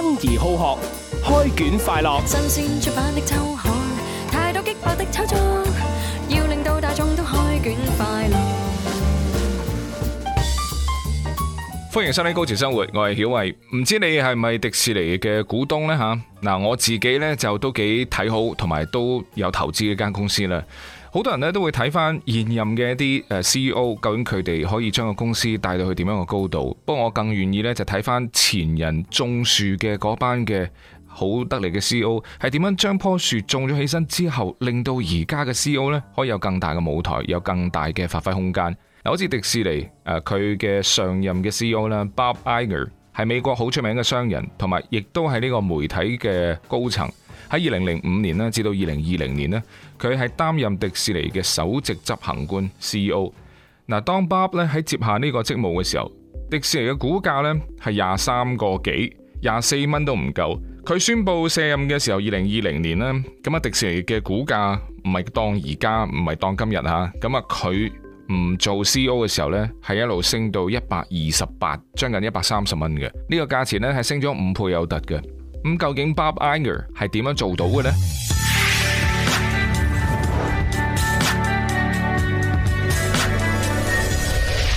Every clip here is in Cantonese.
生而好學，開卷快樂。新鮮出版的周刊，太多激烈的炒作，要令到大眾都開卷快樂。歡迎收聽《高潮生活》，我係曉慧。唔知你係咪迪士尼嘅股東呢？吓，嗱，我自己呢，就都幾睇好，同埋都有投資一間公司啦。好多人咧都會睇翻現任嘅一啲誒 CEO，究竟佢哋可以將個公司帶到去點樣嘅高度？不過我更願意咧就睇翻前人種樹嘅嗰班嘅好得力嘅 CEO，係點樣將棵樹種咗起身之後，令到而家嘅 CEO 咧可以有更大嘅舞台，有更大嘅發揮空間。嗱，好似迪士尼誒佢嘅上任嘅 CEO 啦，Bob Iger 係美國好出名嘅商人，同埋亦都係呢個媒體嘅高層。喺二零零五年呢至到二零二零年呢，佢係擔任迪士尼嘅首席執行官 C.E.O. 嗱，當 Bob 咧喺接下呢個職務嘅時候，迪士尼嘅股價呢係廿三個幾、廿四蚊都唔夠。佢宣佈卸任嘅時候，二零二零年呢，咁啊，迪士尼嘅股價唔係當而家，唔係當今日吓，咁啊，佢唔做 C.E.O. 嘅時候呢，係一路升到一百二十八，將近一百三十蚊嘅呢個價錢呢，係升咗五倍有得嘅。咁究竟 Bob Iger 係點樣做到嘅呢？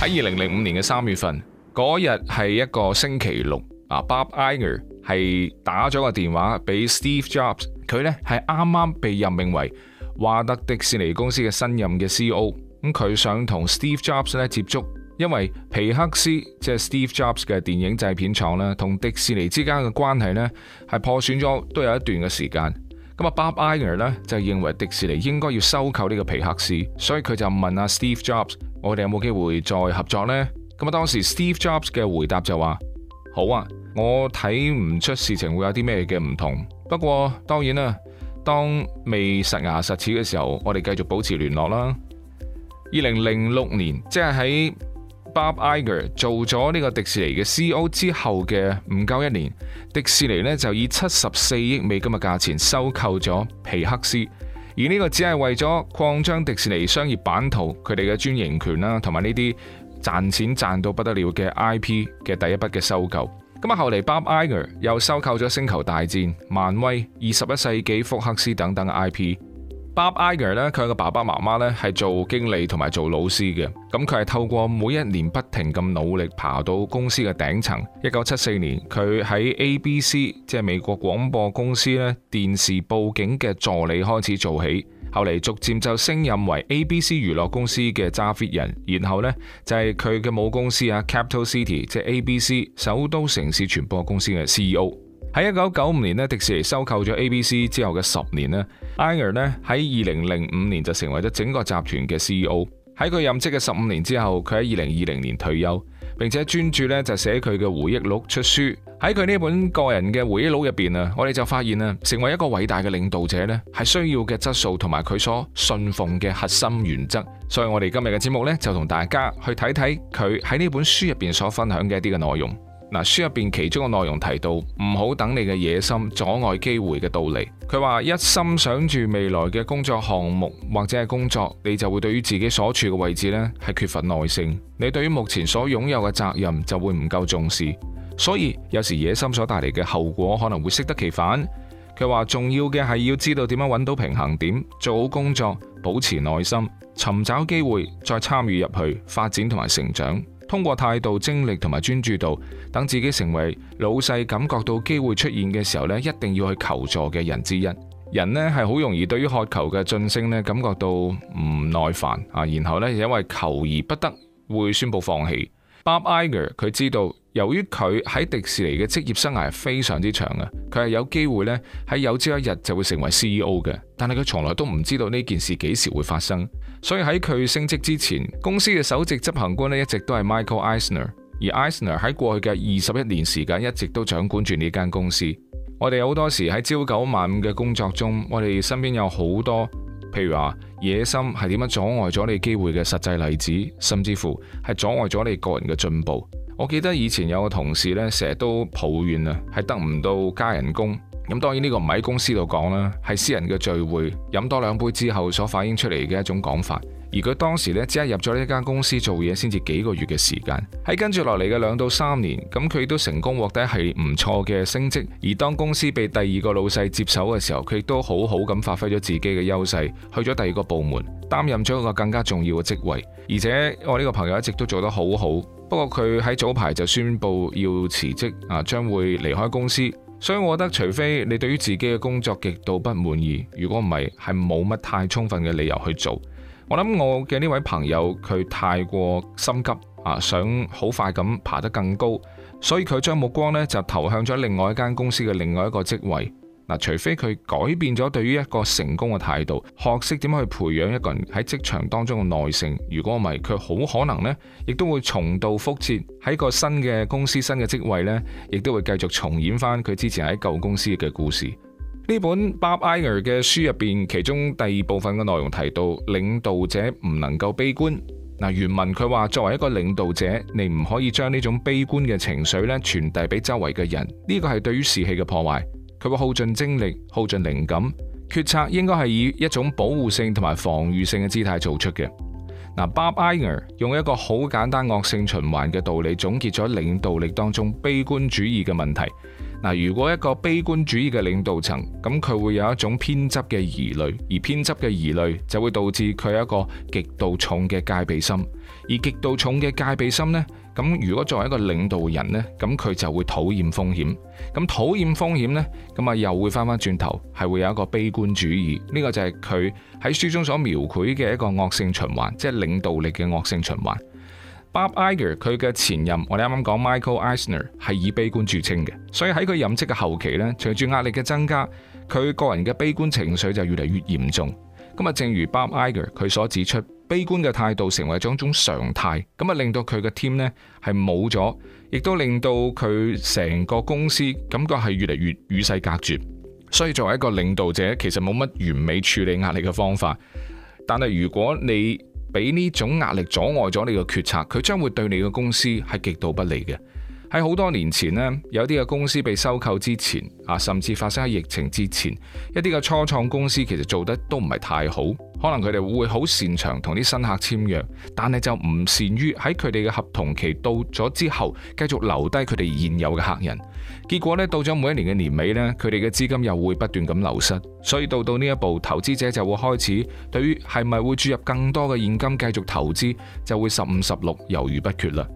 喺二零零五年嘅三月份，嗰日係一個星期六，啊 Bob Iger 係打咗個電話俾 Steve Jobs，佢呢係啱啱被任命為華特迪士尼公司嘅新任嘅 CEO，咁佢想同 Steve Jobs 咧接觸。因為皮克斯即係 Steve Jobs 嘅電影製片廠咧，同迪士尼之間嘅關係咧係破損咗，都有一段嘅時間。咁啊，Bob Iger 呢，就認為迪士尼應該要收購呢個皮克斯，所以佢就問阿 Steve Jobs：我哋有冇機會再合作呢？咁啊，當時 Steve Jobs 嘅回答就話：好啊，我睇唔出事情會有啲咩嘅唔同。不過當然啦，當未實牙實齒嘅時候，我哋繼續保持聯絡啦。二零零六年，即係喺。Bob Iger 做咗呢個迪士尼嘅 CEO 之後嘅唔夠一年，迪士尼呢就以七十四億美金嘅價錢收購咗皮克斯，而呢個只係為咗擴張迪士尼商業版圖，佢哋嘅專營權啦，同埋呢啲賺錢賺到不得了嘅 IP 嘅第一筆嘅收購。咁啊，後嚟 Bob Iger 又收購咗星球大戰、漫威、二十一世紀福克斯等等嘅 IP。Bob Iger，佢嘅爸爸媽媽咧係做經理同埋做老師嘅，咁佢係透過每一年不停咁努力爬到公司嘅頂層。一九七四年，佢喺 ABC 即係美國廣播公司咧電視報警嘅助理開始做起，後嚟逐漸就升任為 ABC 娛樂公司嘅揸 fit 人，然後呢，就係佢嘅母公司啊 Capital City 即係 ABC 首都城市傳播公司嘅 CEO。喺一九九五年呢，迪士尼收購咗 ABC 之後嘅十年呢，Iron 呢，喺二零零五年就成為咗整個集團嘅 CEO。喺佢任職嘅十五年之後，佢喺二零二零年退休，並且專注呢就寫佢嘅回憶錄出書。喺佢呢本個人嘅回憶錄入邊啊，我哋就發現啊，成為一個偉大嘅領導者呢，係需要嘅質素同埋佢所信奉嘅核心原則。所以我哋今日嘅節目呢，就同大家去睇睇佢喺呢本書入邊所分享嘅一啲嘅內容。嗱，書入邊其中嘅內容提到，唔好等你嘅野心阻礙機會嘅到嚟。佢話一心想住未來嘅工作項目或者係工作，你就會對於自己所處嘅位置咧係缺乏耐性，你對於目前所擁有嘅責任就會唔夠重視。所以有時野心所帶嚟嘅後果可能會適得其反。佢話重要嘅係要知道點樣搵到平衡點，做好工作，保持耐心，尋找機會再參與入去發展同埋成長。通過態度、精力同埋專注度，等自己成為老細感覺到機會出現嘅時候呢，一定要去求助嘅人之一。人呢係好容易對於渴求嘅晉升呢感覺到唔耐煩啊，然後呢因為求而不得會宣佈放棄。Bob Iger 佢知道。由於佢喺迪士尼嘅職業生涯非常之長啊，佢係有機會咧，喺有朝一日就會成為 CEO 嘅。但係佢從來都唔知道呢件事幾時會發生，所以喺佢升職之前，公司嘅首席執行官咧一直都係 Michael Eisner，而 Eisner 喺過去嘅二十一年時間一直都掌管住呢間公司。我哋好多時喺朝九晚五嘅工作中，我哋身邊有好多譬如話野心係點樣阻礙咗你機會嘅實際例子，甚至乎係阻礙咗你個人嘅進步。我記得以前有個同事呢，成日都抱怨啊，係得唔到加人工。咁當然呢個唔喺公司度講啦，係私人嘅聚會飲多兩杯之後所反映出嚟嘅一種講法。而佢當時呢，只係入咗呢一間公司做嘢，先至幾個月嘅時間。喺跟住落嚟嘅兩到三年，咁佢都成功獲得一系唔錯嘅升職。而當公司被第二個老細接手嘅時候，佢亦都好好咁發揮咗自己嘅優勢，去咗第二個部門擔任咗一個更加重要嘅職位。而且我呢個朋友一直都做得好好。不過佢喺早排就宣布要辭職啊，將會離開公司。所以我覺得，除非你對於自己嘅工作極度不滿意，如果唔係，係冇乜太充分嘅理由去做。我諗我嘅呢位朋友，佢太過心急啊，想好快咁爬得更高，所以佢將目光呢就投向咗另外一間公司嘅另外一個職位。除非佢改變咗對於一個成功嘅態度，學識點去培養一個人喺職場當中嘅耐性。如果唔係，佢好可能呢亦都會重蹈覆轍，喺個新嘅公司、新嘅職位呢，亦都會繼續重演翻佢之前喺舊公司嘅故事。呢本 Bob Iyer 嘅書入邊，其中第二部分嘅內容提到，領導者唔能夠悲觀。嗱，原文佢話：作為一個領導者，你唔可以將呢種悲觀嘅情緒呢傳遞俾周圍嘅人，呢個係對於士氣嘅破壞。佢會耗盡精力，耗盡靈感，決策應該係以一種保護性同埋防禦性嘅姿態做出嘅。嗱，Bob Iger 用一個好簡單惡性循環嘅道理總結咗領導力當中悲觀主義嘅問題。嗱，如果一個悲觀主義嘅領導層，咁佢會有一種偏執嘅疑慮，而偏執嘅疑慮就會導致佢有一個極度重嘅戒備心，而極度重嘅戒備心呢？咁如果作為一個領導人呢，咁佢就會討厭風險。咁討厭風險呢，咁啊又會翻翻轉頭，係會有一個悲觀主義。呢個就係佢喺書中所描繪嘅一個惡性循環，即係領導力嘅惡性循環。Bob Iger 佢嘅前任，我哋啱啱講 Michael Eisner 係以悲觀著稱嘅，所以喺佢任職嘅後期呢，隨住壓力嘅增加，佢個人嘅悲觀情緒就越嚟越嚴重。咁啊正如 Bob Iger 佢所指出。悲觀嘅態度成為咗一種常態，咁啊令到佢嘅 team 咧，係冇咗，亦都令到佢成個公司感覺係越嚟越與世隔絕。所以作為一個領導者，其實冇乜完美處理壓力嘅方法。但係如果你俾呢種壓力阻礙咗你嘅決策，佢將會對你嘅公司係極度不利嘅。喺好多年前呢，有啲嘅公司被收購之前啊，甚至發生喺疫情之前，一啲嘅初創公司其實做得都唔係太好。可能佢哋會好擅長同啲新客簽約，但係就唔善於喺佢哋嘅合同期到咗之後，繼續留低佢哋現有嘅客人。結果呢，到咗每一年嘅年尾呢，佢哋嘅資金又會不斷咁流失，所以到到呢一步，投資者就會開始對於係咪會注入更多嘅現金繼續投資，就會十五十六猶豫不決啦。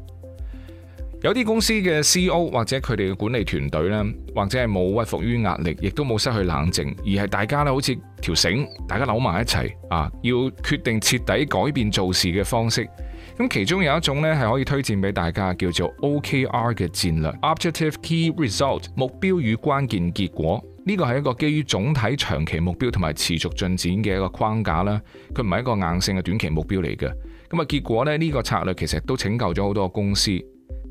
有啲公司嘅 CEO 或者佢哋嘅管理團隊咧，或者係冇屈服於壓力，亦都冇失去冷靜，而係大家咧好似條繩大家扭埋一齊啊，要決定徹底改變做事嘅方式。咁其中有一種咧，係可以推薦俾大家，叫做 OKR 嘅戰略 （Objective Key Result，目標與關鍵結果）。呢個係一個基於總體長期目標同埋持續進展嘅一個框架啦。佢唔係一個硬性嘅短期目標嚟嘅。咁啊，結果咧，呢個策略其實都拯救咗好多公司。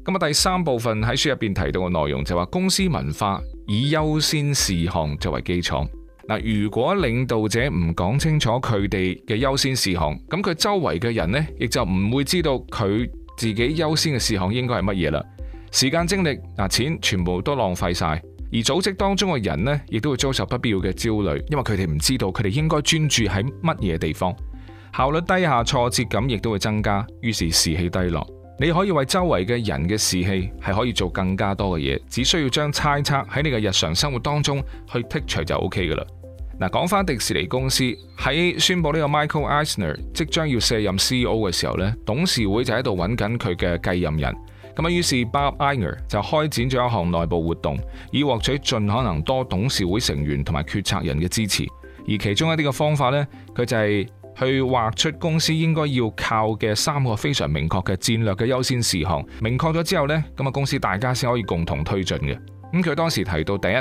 咁啊，第三部分喺書入邊提到嘅內容就話公司文化以優先事項作為基礎。嗱，如果領導者唔講清楚佢哋嘅優先事項，咁佢周圍嘅人呢，亦就唔會知道佢自己優先嘅事項應該係乜嘢啦。時間、精力、嗱錢，全部都浪費晒。而組織當中嘅人呢，亦都會遭受不必要嘅焦慮，因為佢哋唔知道佢哋應該專注喺乜嘢地方，效率低下，挫折感亦都會增加，於是士氣低落。你可以為周圍嘅人嘅士氣係可以做更加多嘅嘢，只需要將猜測喺你嘅日常生活當中去剔除就 O K 噶啦。嗱，講翻迪士尼公司喺宣布呢個 Michael Eisner 即將要卸任 C E O 嘅時候咧，董事會就喺度揾緊佢嘅繼任人。咁啊，於是 Bob Iger 就開展咗一項內部活動，以獲取盡可能多董事會成員同埋決策人嘅支持。而其中一啲嘅方法呢，佢就係、是。去劃出公司應該要靠嘅三個非常明確嘅戰略嘅優先事項，明確咗之後呢，咁啊公司大家先可以共同推進嘅。咁佢當時提到第一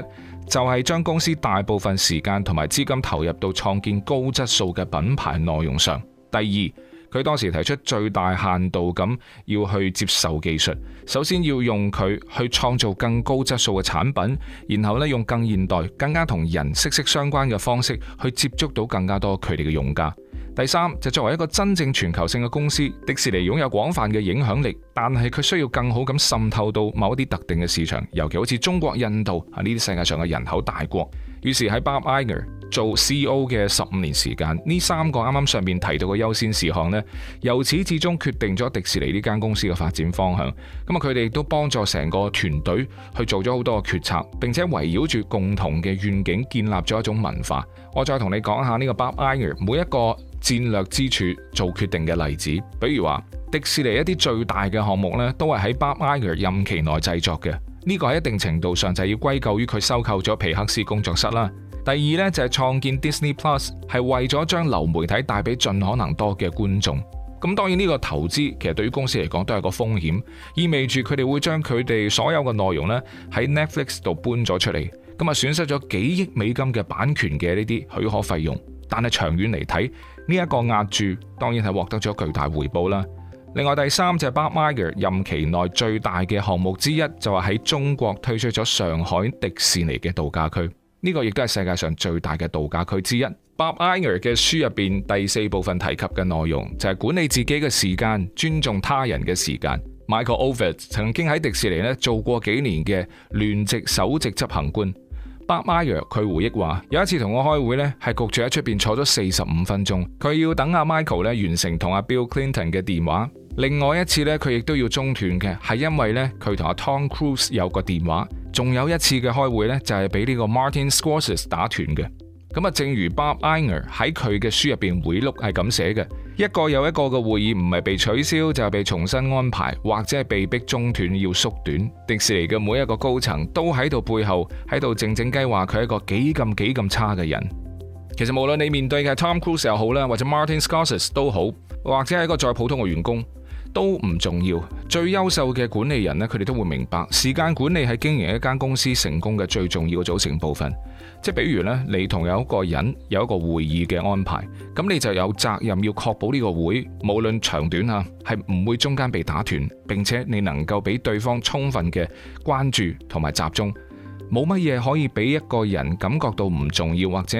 就係將公司大部分時間同埋資金投入到創建高質素嘅品牌內容上。第二，佢當時提出最大限度咁要去接受技術，首先要用佢去創造更高質素嘅產品，然後呢，用更現代、更加同人息息相關嘅方式去接觸到更加多佢哋嘅用家。第三，就作為一個真正全球性嘅公司，迪士尼擁有廣泛嘅影響力，但係佢需要更好咁滲透到某一啲特定嘅市場，尤其好似中國、印度啊呢啲世界上嘅人口大國。於是喺 Bob Iger 做 CEO 嘅十五年時間，呢三個啱啱上面提到嘅優先事項呢，由始至終決定咗迪士尼呢間公司嘅發展方向。咁啊，佢哋亦都幫助成個團隊去做咗好多嘅決策，並且圍繞住共同嘅願景建立咗一種文化。我再同你講下呢個 Bob Iger，每一個。戰略之處做決定嘅例子，比如話迪士尼一啲最大嘅項目咧，都係喺 Bob Iger 任期內製作嘅。呢、這個喺一定程度上就係要歸咎於佢收購咗皮克斯工作室啦。第二呢，就係、是、創建 Disney Plus 係為咗將流媒體帶俾盡可能多嘅觀眾。咁、嗯、當然呢個投資其實對於公司嚟講都係個風險，意味住佢哋會將佢哋所有嘅內容呢喺 Netflix 度搬咗出嚟，咁啊損失咗幾億美金嘅版權嘅呢啲許可費用。但係長遠嚟睇，呢、這、一個押注當然係獲得咗巨大回報啦。另外第三只 Bob Iger 任期內最大嘅項目之一，就係、是、喺中國推出咗上海迪士尼嘅度假區，呢、這個亦都係世界上最大嘅度假區之一。Bob Iger 嘅書入邊第四部分提及嘅內容，就係、是、管理自己嘅時間，尊重他人嘅時間。Michael Ovitz 曾經喺迪士尼咧做過幾年嘅聯席首席執行官。白馬約佢回憶話：有一次同我開會呢，係焗住喺出邊坐咗四十五分鐘，佢要等阿 Michael 呢完成同阿 Bill Clinton 嘅電話。另外一次呢，佢亦都要中斷嘅，係因為呢，佢同阿 Tom Cruise 有個電話。仲有一次嘅開會呢，就係俾呢個 Martin Scorsese 打斷嘅。咁啊，正如 Bob Iger 喺佢嘅書入邊回錄係咁寫嘅：一個又一個嘅會議唔係被取消就係被重新安排，或者係被逼中斷要縮短。迪士尼嘅每一個高層都喺度背後喺度靜靜雞話佢一個幾咁幾咁差嘅人。其實無論你面對嘅 Tom Cruise 又好啦，或者 Martin Scorsese 都好，或者係一個再普通嘅員工都唔重要。最優秀嘅管理人呢，佢哋都會明白時間管理係經營一間公司成功嘅最重要嘅組成部分。即係，比如咧，你同有一個人有一個會議嘅安排，咁你就有責任要確保呢個會無論長短啊，係唔會中間被打斷，並且你能夠俾對方充分嘅關注同埋集中，冇乜嘢可以俾一個人感覺到唔重要，或者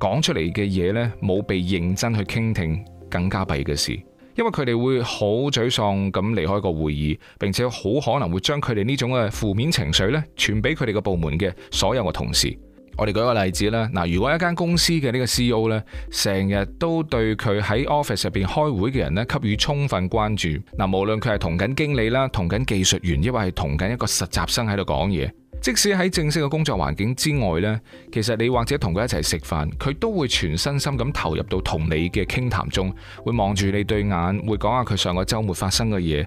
講出嚟嘅嘢呢，冇被認真去傾聽，更加弊嘅事，因為佢哋會好沮喪咁離開個會議，並且好可能會將佢哋呢種嘅負面情緒呢傳俾佢哋嘅部門嘅所有嘅同事。我哋舉個例子啦。嗱，如果一間公司嘅呢個 CEO 呢，成日都對佢喺 office 入邊開會嘅人呢給予充分關注。嗱，無論佢係同緊經理啦，同緊技術員，抑或係同緊一個實習生喺度講嘢，即使喺正式嘅工作環境之外呢，其實你或者同佢一齊食飯，佢都會全身心咁投入到同你嘅傾談中，會望住你對眼，會講下佢上個週末發生嘅嘢。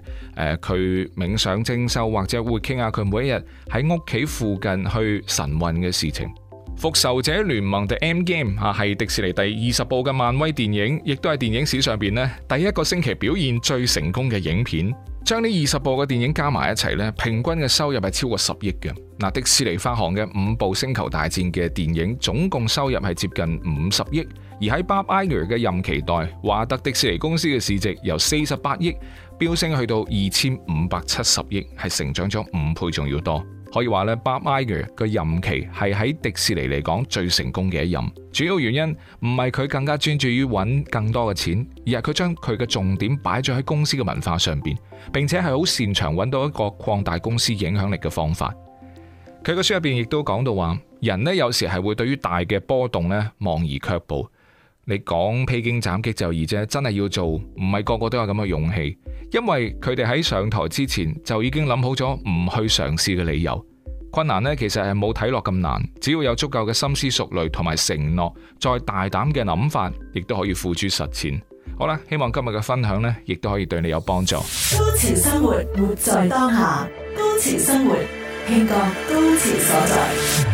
佢、呃、冥想精修，或者會傾下佢每一日喺屋企附近去晨運嘅事情。《復仇者聯盟》的《Endgame》啊，係迪士尼第二十部嘅漫威電影，亦都係電影史上邊呢第一個星期表現最成功嘅影片。將呢二十部嘅電影加埋一齊咧，平均嘅收入係超過十億嘅。嗱，迪士尼發行嘅五部《星球大戰》嘅電影總共收入係接近五十億，而喺 Bob Iger 嘅任期代，華特迪士尼公司嘅市值由四十八億飆升去到二千五百七十億，係成長咗五倍仲要多。可以話咧，Bob Iger 嘅任期係喺迪士尼嚟講最成功嘅一任。主要原因唔係佢更加專注於揾更多嘅錢，而係佢將佢嘅重點擺咗喺公司嘅文化上邊。並且係好擅長揾到一個擴大公司影響力嘅方法。佢嘅書入邊亦都講到話，人呢有時係會對於大嘅波動呢望而卻步。你講披荊斬棘就易啫，真係要做唔係個個都有咁嘅勇氣，因為佢哋喺上台之前就已經諗好咗唔去嘗試嘅理由。困難呢，其實係冇睇落咁難，只要有足夠嘅深思熟慮同埋承諾，再大膽嘅諗法，亦都可以付諸實踐。好啦，希望今日嘅分享呢，亦都可以對你有幫助。高潮生活，活在當下；高潮生活，慶個高潮所在。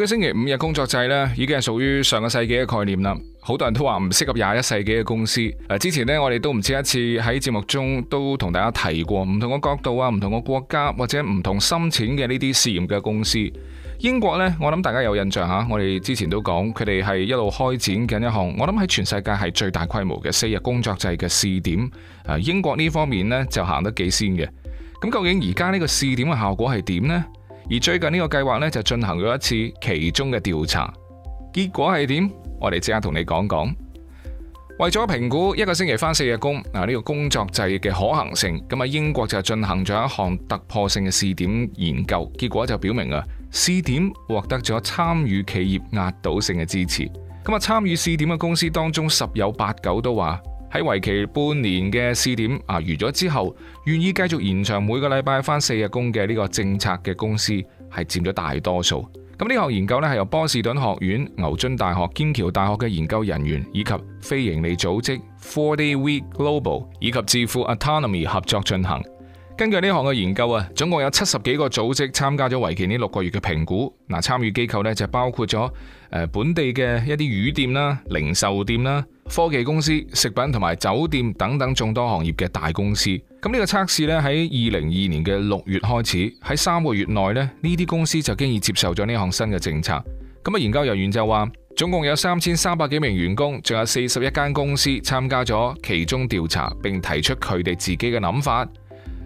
個星期五日工作制呢，已經係屬於上個世紀嘅概念啦。好多人都話唔適合廿一世紀嘅公司。誒，之前呢，我哋都唔止一次喺節目中都同大家提過，唔同嘅角度啊，唔同嘅國家或者唔同深淺嘅呢啲試驗嘅公司。英國呢，我諗大家有印象吓，我哋之前都講佢哋係一路開展緊一項，我諗喺全世界係最大規模嘅四日工作制嘅試點。誒，英國呢方面呢，就行得幾先嘅。咁究竟而家呢個試點嘅效果係點呢？而最近呢個計劃呢，就進行咗一次其中嘅調查，結果係點？我哋即刻同你講講。為咗評估一個星期翻四日工嗱呢個工作制嘅可行性，咁啊英國就進行咗一項突破性嘅試點研究。結果就表明啊，試點獲得咗參與企業壓倒性嘅支持。咁啊參與試點嘅公司當中十有八九都話。喺為期半年嘅試點啊，完咗之後，願意繼續延長每個禮拜返四日工嘅呢個政策嘅公司係佔咗大多數。咁呢項研究咧，係由波士頓學院、牛津大學、劍橋大學嘅研究人員以及非營利組織 Four Day Week Global 以及智庫 Autonomy 合作進行。根據呢項嘅研究啊，總共有七十幾個組織參加咗為期呢六個月嘅評估。嗱，參與機構咧就包括咗本地嘅一啲魚店啦、零售店啦、科技公司、食品同埋酒店等等眾多行業嘅大公司。咁、這、呢個測試咧喺二零二年嘅六月開始，喺三個月內咧呢啲公司就經已接受咗呢項新嘅政策。咁啊，研究人員就話，總共有三千三百幾名員工，仲有四十一間公司參加咗其中調查，並提出佢哋自己嘅諗法。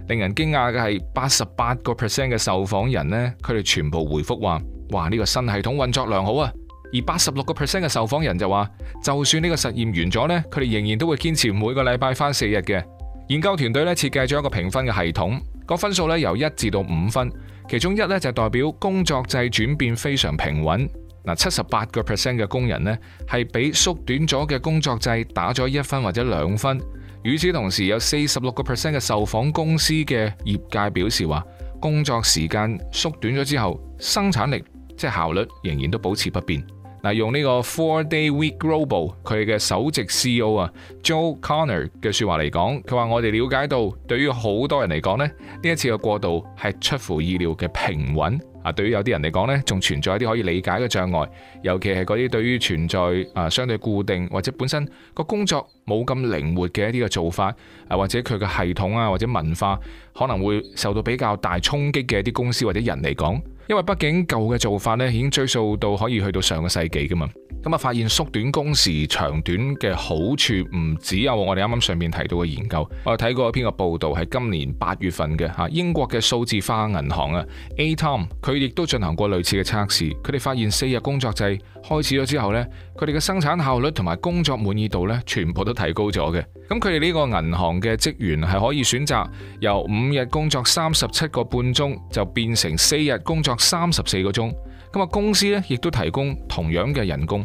令人驚訝嘅係，八十八個 percent 嘅受訪人呢，佢哋全部回覆話：哇，呢個新系統運作良好啊！而八十六個 percent 嘅受訪人就話，就算呢個實驗完咗呢，佢哋仍然都會堅持每個禮拜返四日嘅。研究團隊咧設計咗一個評分嘅系統，個分數咧由一至到五分，其中一咧就代表工作制轉變非常平穩。嗱，七十八個 percent 嘅工人呢，係俾縮短咗嘅工作制打咗一分或者兩分。與此同時，有四十六個 percent 嘅受訪公司嘅業界表示話，工作時間縮短咗之後，生產力即係效率仍然都保持不變。嗱，用呢個 Four Day Week Global 佢嘅首席 CEO 啊 Joe Connor 嘅説話嚟講，佢話我哋了解到，對於好多人嚟講咧，呢一次嘅過渡係出乎意料嘅平穩。啊，對於有啲人嚟講呢，仲存在一啲可以理解嘅障礙，尤其係嗰啲對於存在啊相對固定或者本身個工作冇咁靈活嘅一啲嘅做法，啊或者佢嘅系統啊或者文化可能會受到比較大衝擊嘅一啲公司或者人嚟講。因為畢竟舊嘅做法咧，已經追溯到可以去到上個世紀噶嘛，咁啊發現縮短工時長短嘅好處唔止有我哋啱啱上面提到嘅研究，我睇過一篇嘅報道係今年八月份嘅吓，英國嘅數字化銀行啊，Atom 佢亦都進行過類似嘅測試，佢哋發現四日工作制開始咗之後咧，佢哋嘅生產效率同埋工作滿意度咧，全部都提高咗嘅。咁佢哋呢個銀行嘅職員係可以選擇由五日工作三十七個半鐘就變成四日工作，三十四個鐘，咁啊公司咧亦都提供同樣嘅人工，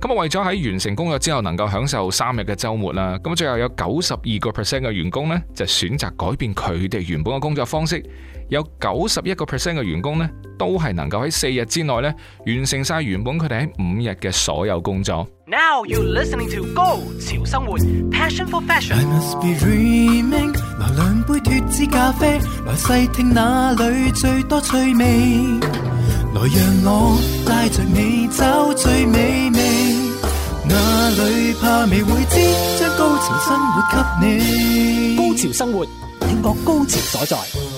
咁啊為咗喺完成工作之後能夠享受三日嘅周末啦，咁最後有九十二個 percent 嘅員工咧就選擇改變佢哋原本嘅工作方式。有九十一個 percent 嘅員工呢，都係能夠喺四日之內呢完成曬原本佢哋喺五日嘅所有工作。Now you're listening to 高潮生活，passion for fashion。嚟兩杯脫脂咖啡，嚟細聽那裏最多趣味。嚟讓我帶著你找最美味，那裏怕未會知將高潮生活給你。高潮生活，聽我高潮所在。